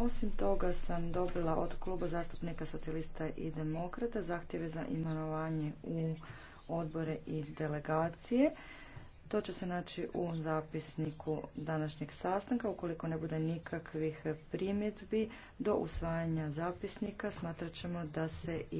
Osim toga sam dobila od kluba zastupnika socijalista i demokrata zahtjeve za imenovanje u odbore i delegacije. To će se naći u zapisniku današnjeg sastanka. Ukoliko ne bude nikakvih primjedbi do usvajanja zapisnika, smatrat ćemo da se i